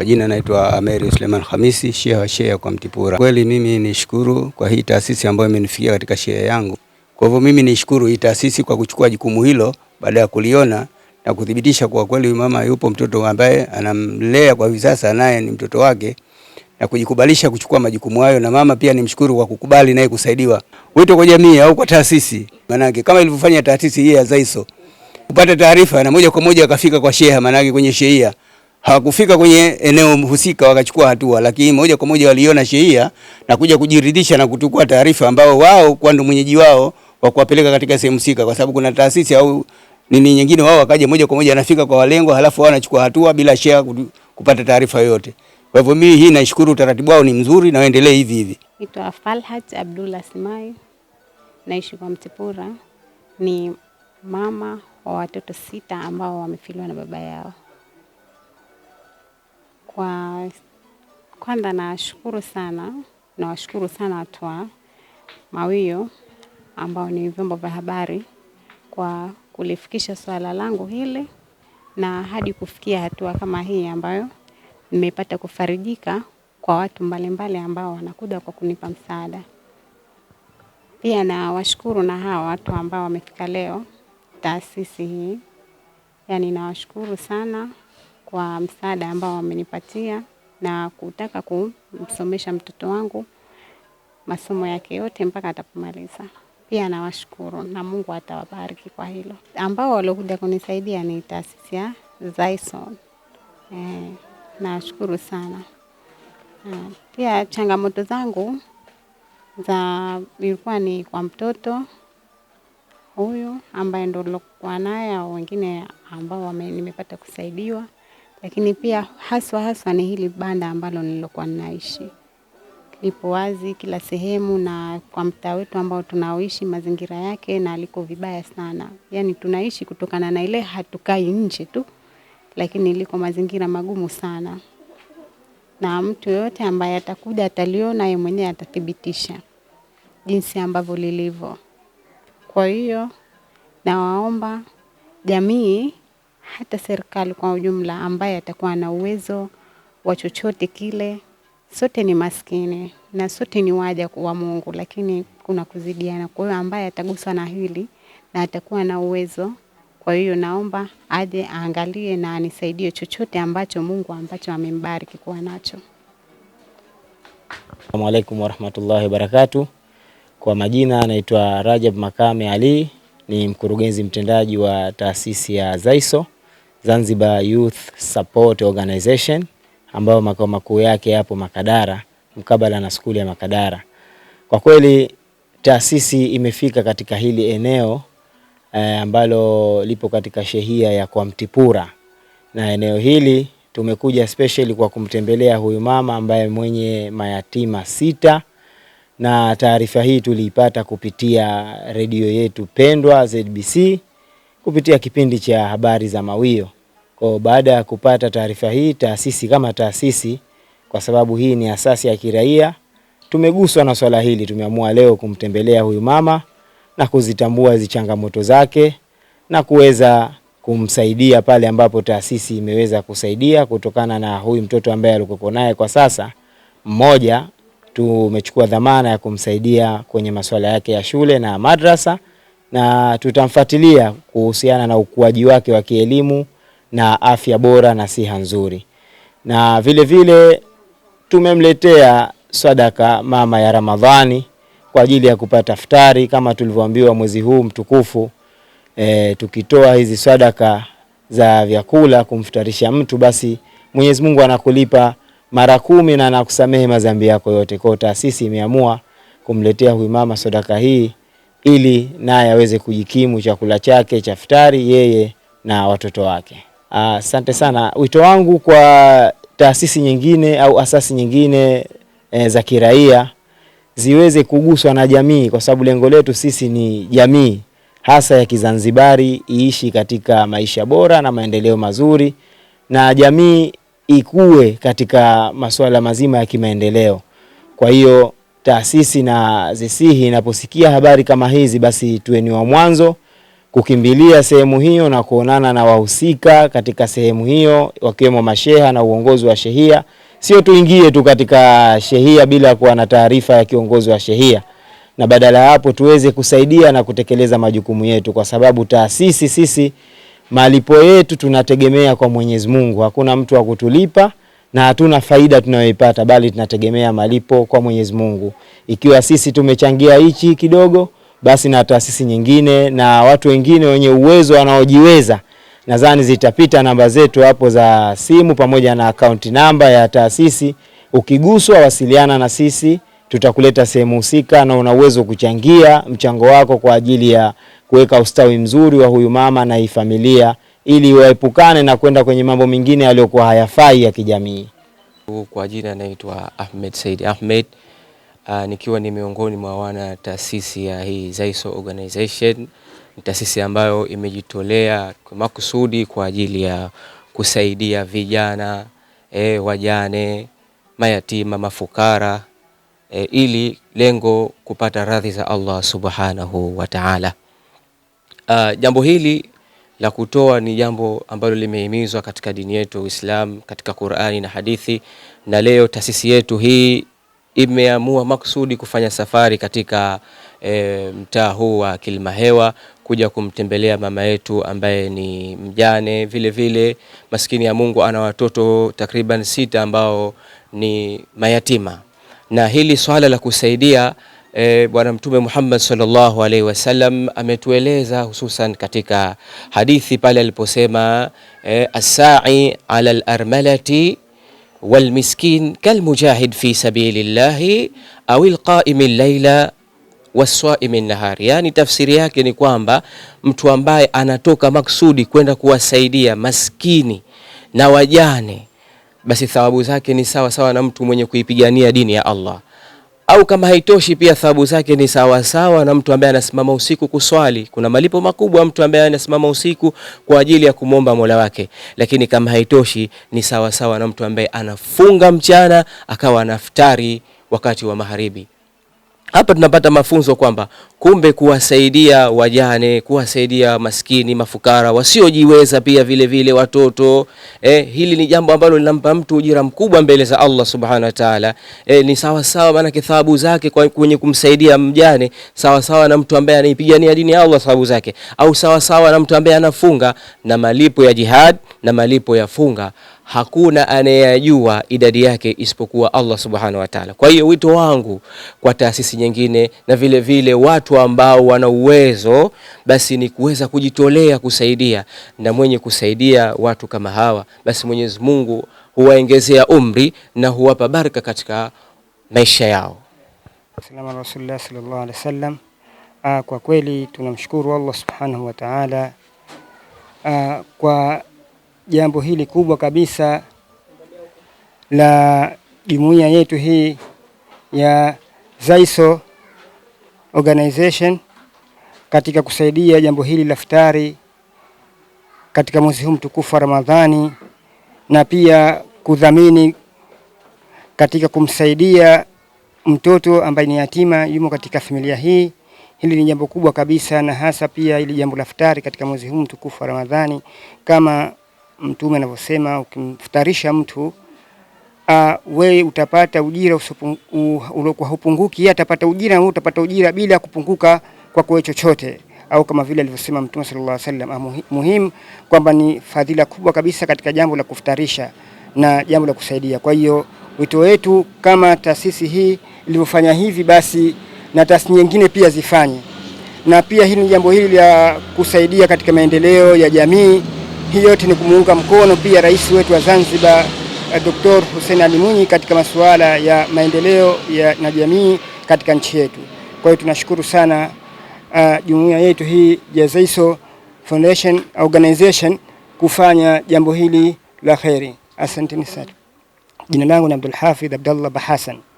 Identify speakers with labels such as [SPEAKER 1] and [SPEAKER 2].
[SPEAKER 1] Kwa jina naitwa Ameri Suleiman Khamisi, shia wa shia kwa Mtipura. Kweli mimi nishukuru kwa hii taasisi ambayo imenifikia katika shia yangu. Kwa hivyo mimi nishukuru hii taasisi kwa kuchukua jukumu hilo baada ya kuliona na kuthibitisha kwa kweli mama yupo mtoto ambaye anamlea kwa hivi sasa, naye ni mtoto wake na kujikubalisha kuchukua majukumu hayo, na mama pia nimshukuru kwa kukubali naye kusaidiwa. Wito kwa jamii au kwa taasisi, manake kama ilivyofanya taasisi hii ya Zaiso kupata taarifa na moja kwa moja akafika kwa sheha, manake kwenye shehia hawakufika kwenye eneo husika wakachukua hatua, lakini moja kwa moja waliona sheria na kuja kujiridhisha na kutukua taarifa ambao wao kwa ndo mwenyeji wao wa kuwapeleka katika sehemu husika, kwa sababu kuna taasisi au nini nyingine, wao wakaja moja kwa moja anafika kwa walengwa, halafu wao wanachukua hatua bila shea kupata taarifa yoyote. Kwa hivyo mimi hii naishukuru, utaratibu wao ni mzuri na waendelee hivi hivi.
[SPEAKER 2] Naitwa Falhat Abdullah Simai, naishi kwa Mtipura, ni mama wa watoto sita ambao wamefiliwa na baba yao. Kwa kwanza nashukuru sana, nawashukuru sana watu wa Mawio ambao ni vyombo vya habari kwa kulifikisha swala langu hili na hadi kufikia hatua kama hii ambayo nimepata kufarijika kwa watu mbalimbali ambao wanakuja kwa kunipa msaada. Pia nawashukuru na hawa watu ambao wamefika leo taasisi hii, yaani nawashukuru sana kwa msaada ambao wamenipatia na kutaka kumsomesha mtoto wangu masomo yake yote mpaka atapomaliza. Pia nawashukuru na Mungu atawabariki kwa hilo. Ambao waliokuja kunisaidia ni taasisi ya Zaison. E, eh, nashukuru sana. E, pia changamoto zangu za ilikuwa ni kwa mtoto huyu ambaye ndo nilokuwa naye au wengine ambao nimepata kusaidiwa lakini pia haswa haswa ni hili banda ambalo nilokuwa ninaishi lipo wazi kila sehemu, na kwa mtaa wetu ambao tunaoishi mazingira yake na aliko vibaya sana. Yani tunaishi kutokana na ile hatukai nje tu, lakini liko mazingira magumu sana, na mtu yoyote ambaye atakuja ataliona, yeye mwenyewe atathibitisha jinsi ambavyo lilivyo. Kwa hiyo nawaomba jamii hata serikali kwa ujumla, ambaye atakuwa na uwezo wa chochote kile. Sote ni maskini na sote ni waja wa Mungu, lakini kuna kuzidiana. Kwa hiyo ambaye ataguswa na hili na atakuwa na uwezo, kwa hiyo naomba aje aangalie na anisaidie chochote ambacho Mungu ambacho amembariki kuwa nacho.
[SPEAKER 3] Assalamu alaikum warahmatullahi wabarakatu Kwa majina anaitwa Rajab Makame Ali, ni mkurugenzi mtendaji wa taasisi ya Zaiso. Zanzibar Youth Support Organization ambayo makao makuu yake yapo Makadara mkabala na skuli ya Makadara. Kwa kweli taasisi imefika katika hili eneo e, ambalo lipo katika shehia ya kwa Mtipura, na eneo hili tumekuja special kwa kumtembelea huyu mama ambaye mwenye mayatima sita, na taarifa hii tuliipata kupitia redio yetu pendwa ZBC kupitia kipindi cha habari za Mawio. Kwa baada ya kupata taarifa hii, taasisi kama taasisi, kwa sababu hii ni asasi ya kiraia, tumeguswa na swala hili, tumeamua leo kumtembelea huyu mama na kuzitambua hizi changamoto zake na kuweza kumsaidia pale ambapo taasisi imeweza kusaidia. Kutokana na huyu mtoto ambaye alikuwa naye kwa sasa mmoja, tumechukua dhamana ya kumsaidia kwenye masuala yake ya shule na madrasa na tutamfuatilia kuhusiana na ukuaji wake wa kielimu na afya bora na siha nzuri, na vile vile tumemletea sadaka mama ya Ramadhani kwa ajili ya kupata iftari kama tulivyoambiwa mwezi huu mtukufu e, tukitoa hizi sadaka za vyakula kumfutarisha mtu, basi Mwenyezi Mungu anakulipa mara kumi na anakusamehe madhambi yako yote. Kwa hiyo taasisi imeamua kumletea huyu mama sadaka hii ili naye aweze kujikimu chakula chake cha futari yeye na watoto wake. Asante sana. Wito wangu kwa taasisi nyingine au asasi nyingine e, za kiraia ziweze kuguswa na jamii, kwa sababu lengo letu sisi ni jamii hasa ya Kizanzibari iishi katika maisha bora na maendeleo mazuri, na jamii ikue katika masuala mazima ya kimaendeleo. Kwa hiyo taasisi na zisihi inaposikia habari kama hizi, basi tuweni wa mwanzo kukimbilia sehemu hiyo na kuonana na wahusika katika sehemu hiyo wakiwemo masheha na uongozi wa shehia. Sio tuingie tu katika shehia bila kuwa na taarifa ya kiongozi wa shehia, na badala ya hapo tuweze kusaidia na kutekeleza majukumu yetu, kwa sababu taasisi sisi malipo yetu tunategemea kwa Mwenyezi Mungu, hakuna mtu wa kutulipa na hatuna faida tunayoipata, bali tunategemea malipo kwa Mwenyezi Mungu. Ikiwa sisi tumechangia hichi kidogo, basi na taasisi nyingine na watu wengine wenye uwezo wanaojiweza, nadhani zitapita namba zetu hapo za simu pamoja na akaunti namba ya taasisi. Ukiguswa, wasiliana na sisi, tutakuleta sehemu husika, na una uwezo kuchangia mchango wako kwa ajili ya kuweka ustawi mzuri wa huyu mama na hii familia ili waepukane na kwenda kwenye mambo mengine yaliyokuwa hayafai ya kijamii.
[SPEAKER 4] Kwa jina naitwa Ahmed Said Ahmed. Uh, nikiwa ni miongoni mwa wana taasisi ya hii Zaiso Organization, ni taasisi ambayo imejitolea kwa makusudi kwa ajili ya kusaidia vijana e, wajane, mayatima, mafukara e, ili lengo kupata radhi za Allah Subhanahu wa Ta'ala. Uh, jambo hili la kutoa ni jambo ambalo limehimizwa katika dini yetu Uislamu, katika Qur'ani na hadithi, na leo taasisi yetu hii imeamua maksudi kufanya safari katika e, mtaa huu wa Kilimahewa kuja kumtembelea mama yetu ambaye ni mjane vile vile, maskini ya Mungu, ana watoto takriban sita ambao ni mayatima, na hili swala la kusaidia E, Bwana Mtume Muhammad sallallahu alaihi wasallam ametueleza hususan katika hadithi pale aliposema e, assai ala al-armalati walmiskin kalmujahid fi sabilillahi au alqaimi llaila wasaimi nahari, yani tafsiri yake ni kwamba mtu ambaye anatoka maksudi kwenda kuwasaidia maskini na wajane, basi thawabu zake ni sawa sawa na mtu mwenye kuipigania dini ya Allah au kama haitoshi pia thawabu zake ni sawasawa sawa na mtu ambaye anasimama usiku kuswali. Kuna malipo makubwa mtu ambaye anasimama usiku kwa ajili ya kumwomba Mola wake. Lakini kama haitoshi ni sawasawa na mtu ambaye anafunga mchana akawa anaftari wakati wa magharibi. Hapa tunapata mafunzo kwamba kumbe kuwasaidia wajane, kuwasaidia maskini, mafukara, wasiojiweza pia vile vile watoto eh, hili ni jambo ambalo linampa mtu ujira mkubwa mbele za Allah subhanahu wa ta'ala. Eh, ni sawa sawa, maana thawabu zake kwenye kumsaidia mjane sawa sawa na mtu ambaye anaipigania dini ya Allah, sababu zake, au sawa sawa na mtu ambaye anafunga na malipo ya jihad na malipo ya funga hakuna anayeyajua idadi yake isipokuwa Allah subhanahu wa ta'ala. Kwa hiyo wito wangu kwa taasisi nyingine na vile vile watu ambao wana uwezo basi ni kuweza kujitolea kusaidia, na mwenye kusaidia watu kama hawa basi Mwenyezi Mungu huwaongezea umri na huwapa baraka katika maisha yao.
[SPEAKER 5] Salamu Rasulullah sallallahu wasallam. Ah, kwa kweli tunamshukuru Allah subhanahu wa ta'ala ah, kwa jambo hili kubwa kabisa la jumuiya yetu hii ya Zaiso Organization katika kusaidia jambo hili la futari katika mwezi huu mtukufu wa Ramadhani na pia kudhamini katika kumsaidia mtoto ambaye ni yatima yumo katika familia hii. Hili ni jambo kubwa kabisa, na hasa pia ili jambo la futari katika mwezi huu mtukufu wa Ramadhani kama Mtume anavyosema ukimfutarisha mtu uh, ah, we utapata ujira uliokuwa hupunguki, yeye atapata ujira na utapata ujira bila kupunguka kwa kuwe chochote, au kama vile alivyosema Mtume sallallahu alaihi wasallam. Ah, muhimu kwamba ni fadhila kubwa kabisa katika jambo la kufutarisha na jambo la kusaidia. Kwa hiyo wito wetu kama taasisi hii ilivyofanya hivi, basi na taasisi nyingine pia zifanye, na pia hili jambo hili la kusaidia katika maendeleo ya jamii hii yote ni kumuunga mkono pia rais wetu wa Zanzibar eh, Dr. Hussein Ali Mwinyi katika masuala ya maendeleo ya na jamii katika nchi yetu. Kwa hiyo tunashukuru sana uh, jumuiya yetu hii ya Foundation Organization kufanya jambo hili la kheri. Asanteni sana. Jina langu ni Abdul Hafidh Abdallah Bahasan.